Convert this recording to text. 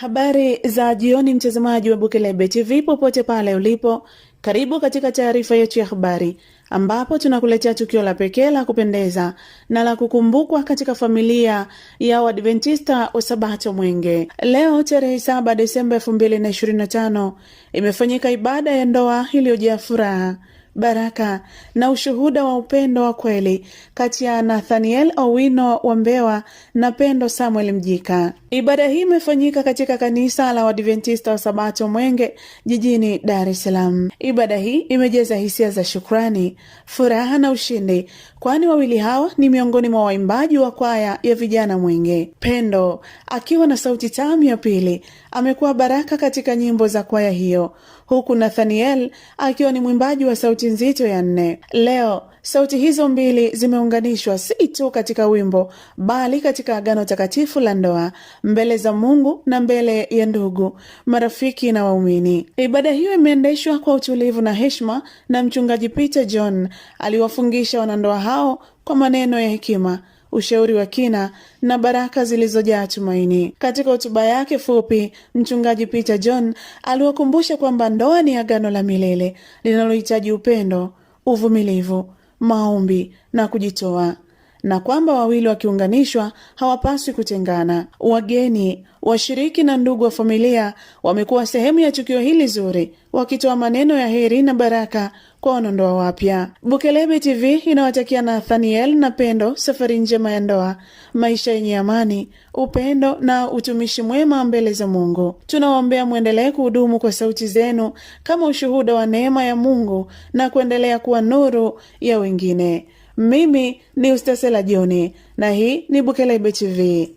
Habari za jioni, mtazamaji wa Bukelebe TV popote pale ulipo, karibu katika taarifa yetu ya habari, ambapo tunakuletea tukio la pekee la kupendeza na la kukumbukwa katika familia ya Waadventista wa Sabato Mwenge. Leo tarehe 7 Desemba 2025 imefanyika ibada ya ndoa iliyojaa furaha baraka na ushuhuda wa upendo wa kweli kati ya Nathaniel Owino wa Mbewa na Pendo Samuel Mjika. Ibada hii imefanyika katika kanisa la Wadventista wa Sabato Mwenge jijini Dar es Salaam. Ibada hii imejeza hisia za shukrani, furaha na ushindi, kwani wawili hawa ni miongoni mwa waimbaji wa kwaya ya vijana Mwenge. Pendo akiwa na sauti tamu ya pili amekuwa baraka katika nyimbo za kwaya hiyo, huku Nathaniel akiwa ni mwimbaji wa sauti sauti nzito ya nne. Leo sauti hizo mbili zimeunganishwa si tu katika wimbo bali katika agano takatifu la ndoa, mbele za Mungu na mbele ya ndugu, marafiki na waumini. Ibada hiyo imeendeshwa kwa utulivu na heshima, na mchungaji Peter John aliwafungisha wanandoa hao kwa maneno ya hekima ushauri wa kina na baraka zilizojaa tumaini. Katika hotuba yake fupi, Mchungaji Peter John aliwakumbusha kwamba ndoa ni agano la milele linalohitaji upendo, uvumilivu, maombi na kujitoa, na kwamba wawili wakiunganishwa hawapaswi kutengana. Wageni Washiriki na ndugu wa familia wamekuwa sehemu ya tukio hili zuri, wakitoa maneno ya heri na baraka kwa wanandoa wapya. Bukelebe TV inawatakia Nathaniel na Pendo safari njema ya ndoa, maisha yenye amani, upendo na utumishi mwema mbele za Mungu. Tunawaombea mwendelee kuhudumu kwa sauti zenu kama ushuhuda wa neema ya Mungu na kuendelea kuwa nuru ya wengine. Mimi ni Ustasela Joni na hii ni Bukelebe TV.